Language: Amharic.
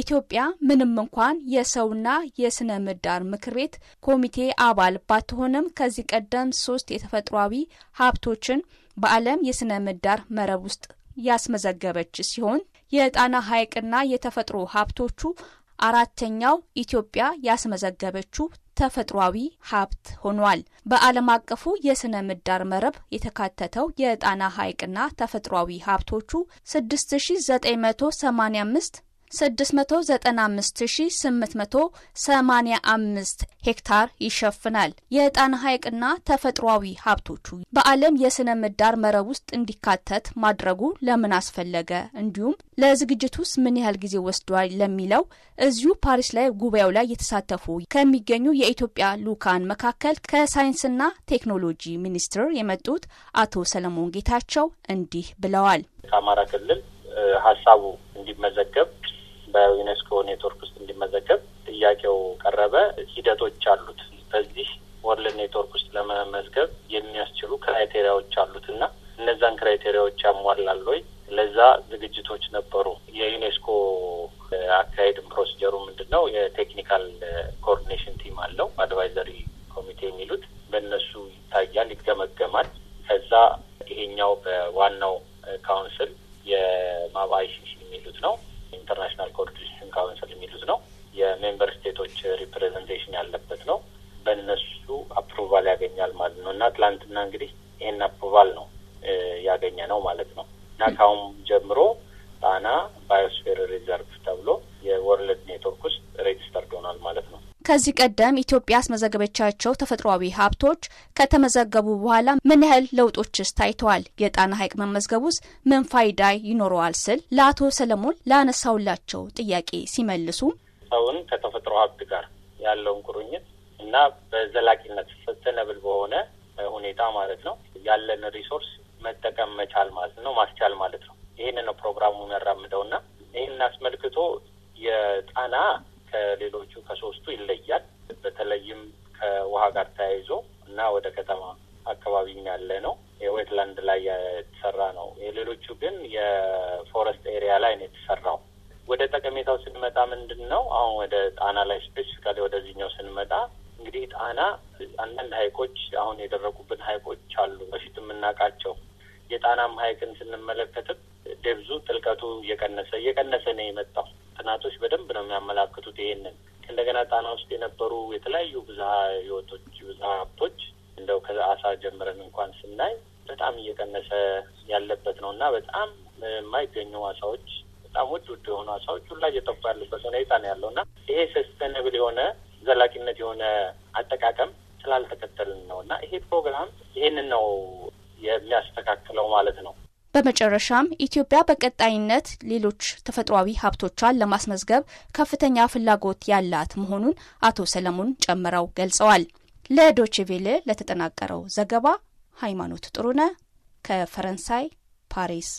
ኢትዮጵያ ምንም እንኳን የሰውና የስነ ምህዳር ምክር ቤት ኮሚቴ አባል ባትሆንም ከዚህ ቀደም ሶስት የተፈጥሯዊ ሀብቶችን በዓለም የስነ ምህዳር መረብ ውስጥ ያስመዘገበች ሲሆን የጣና ሐይቅና የተፈጥሮ ሀብቶቹ አራተኛው ኢትዮጵያ ያስመዘገበችው ተፈጥሯዊ ሀብት ሆኗል። በዓለም አቀፉ የስነ ምህዳር መረብ የተካተተው የጣና ሐይቅና ተፈጥሯዊ ሀብቶቹ 6985 695885 ሄክታር ይሸፍናል። የጣና ሐይቅና ተፈጥሯዊ ሀብቶቹ በዓለም የሥነ ምህዳር መረብ ውስጥ እንዲካተት ማድረጉ ለምን አስፈለገ? እንዲሁም ውስጥ ምን ያህል ጊዜ ወስዷል? ለሚለው እዚሁ ፓሪስ ላይ ጉባኤው ላይ የተሳተፉ ከሚገኙ የኢትዮጵያ ሉካን መካከል ከሳይንስና ቴክኖሎጂ ሚኒስቴር የመጡት አቶ ሰለሞን ጌታቸው እንዲህ ብለዋል። ከአማራ ክልል ሀሳቡ እንዲመዘገብ በዩኔስኮ ኔትወርክ ውስጥ እንዲመዘገብ ጥያቄው ቀረበ። ሂደቶች አሉት። በዚህ ወርልድ ኔትወርክ ውስጥ ለመመዝገብ የሚያስችሉ ክራይቴሪያዎች አሉት እና እነዛን ክራይቴሪያዎች ያሟላል ወይ? ለዛ ዝግጅቶች ነበሩ። የዩኔስኮ አካሄድም ፕሮሲጀሩ ምንድን ነው? የቴክኒካል ኮኦርዲኔሽን ቲም አለው አድቫይዘሪ ኮሚቴ የሚሉት በእነሱ ይታያል፣ ይገመገማል። ከዛ ይሄኛው በዋናው ካውንስል የማብ የሚሉት ነው ኢንተርናሽናል ኮኦርዲኔሽን ካውንስል የሚሉት ነው። የሜምበር ስቴቶች ሪፕሬዘንቴሽን ያለበት ነው። በእነሱ አፕሩቫል ያገኛል ማለት ነው እና ትላንትና እንግዲህ ይህን አፕሩቫል ነው ያገኘ ነው ማለት ነው እና ካሁን ጀምሮ ጣና ባዮስፌር ሪዘርቭ ተብሎ የወርልድ ኔትወርክ ውስጥ ሬጅስተርድ ሆኗል ማለት ነው። ከዚህ ቀደም ኢትዮጵያ ያስመዘገበቻቸው ተፈጥሯዊ ሀብቶች ከተመዘገቡ በኋላ ምን ያህል ለውጦችስ ታይተዋል? የጣና ሐይቅ መመዝገቡስ ምን ፋይዳ ይኖረዋል? ስል ለአቶ ሰለሞን ላነሳውላቸው ጥያቄ ሲመልሱ ሰውን ከተፈጥሮ ሀብት ጋር ያለውን ቁርኝት እና በዘላቂነት ሰስተነብል በሆነ ሁኔታ ማለት ነው ያለን ሪሶርስ መጠቀም መቻል ማለት ነው ማስቻል ማለት ነው። ይህንን ነው ፕሮግራሙ የሚያራምደው እና ይህን አስመልክቶ የጣና ከሌሎቹ ከሶስቱ ይለያል። በተለይም ከውሃ ጋር ተያይዞ እና ወደ ከተማ አካባቢም ያለ ነው። የዌትላንድ ላይ የተሰራ ነው። የሌሎቹ ግን የፎረስት ኤሪያ ላይ ነው የተሰራው። ወደ ጠቀሜታው ስንመጣ ምንድን ነው አሁን ወደ ጣና ላይ ስፔሲፊካሊ ወደዚህኛው ስንመጣ እንግዲህ ጣና አንዳንድ ሀይቆች አሁን የደረቁብን ሀይቆች አሉ በፊት የምናውቃቸው። የጣናም ሀይቅን ስንመለከትም ደብዙ ጥልቀቱ እየቀነሰ እየቀነሰ ነው የመጣው ጥናቶች በደንብ ነው የሚያመላክቱት ይሄንን። እንደገና ጣና ውስጥ የነበሩ የተለያዩ ብዝሃ ህይወቶች፣ ብዝሃ ሀብቶች እንደው ከአሳ ጀምረን እንኳን ስናይ በጣም እየቀነሰ ያለበት ነው እና በጣም የማይገኙ አሳዎች በጣም ውድ ውድ የሆኑ አሳዎች ሁላ እየጠፉ ያሉበት ሁኔታ ነው ያለው እና ይሄ ሰስተነብል የሆነ ዘላቂነት የሆነ አጠቃቀም ስላልተከተልን ነው እና ይሄ ፕሮግራም ይሄንን ነው የሚያስተካክለው ማለት ነው። በመጨረሻም ኢትዮጵያ በቀጣይነት ሌሎች ተፈጥሯዊ ሀብቶቿን ለማስመዝገብ ከፍተኛ ፍላጎት ያላት መሆኑን አቶ ሰለሞን ጨምረው ገልጸዋል። ለዶችቬሌ ለተጠናቀረው ዘገባ ሃይማኖት ጥሩነ ከፈረንሳይ ፓሪስ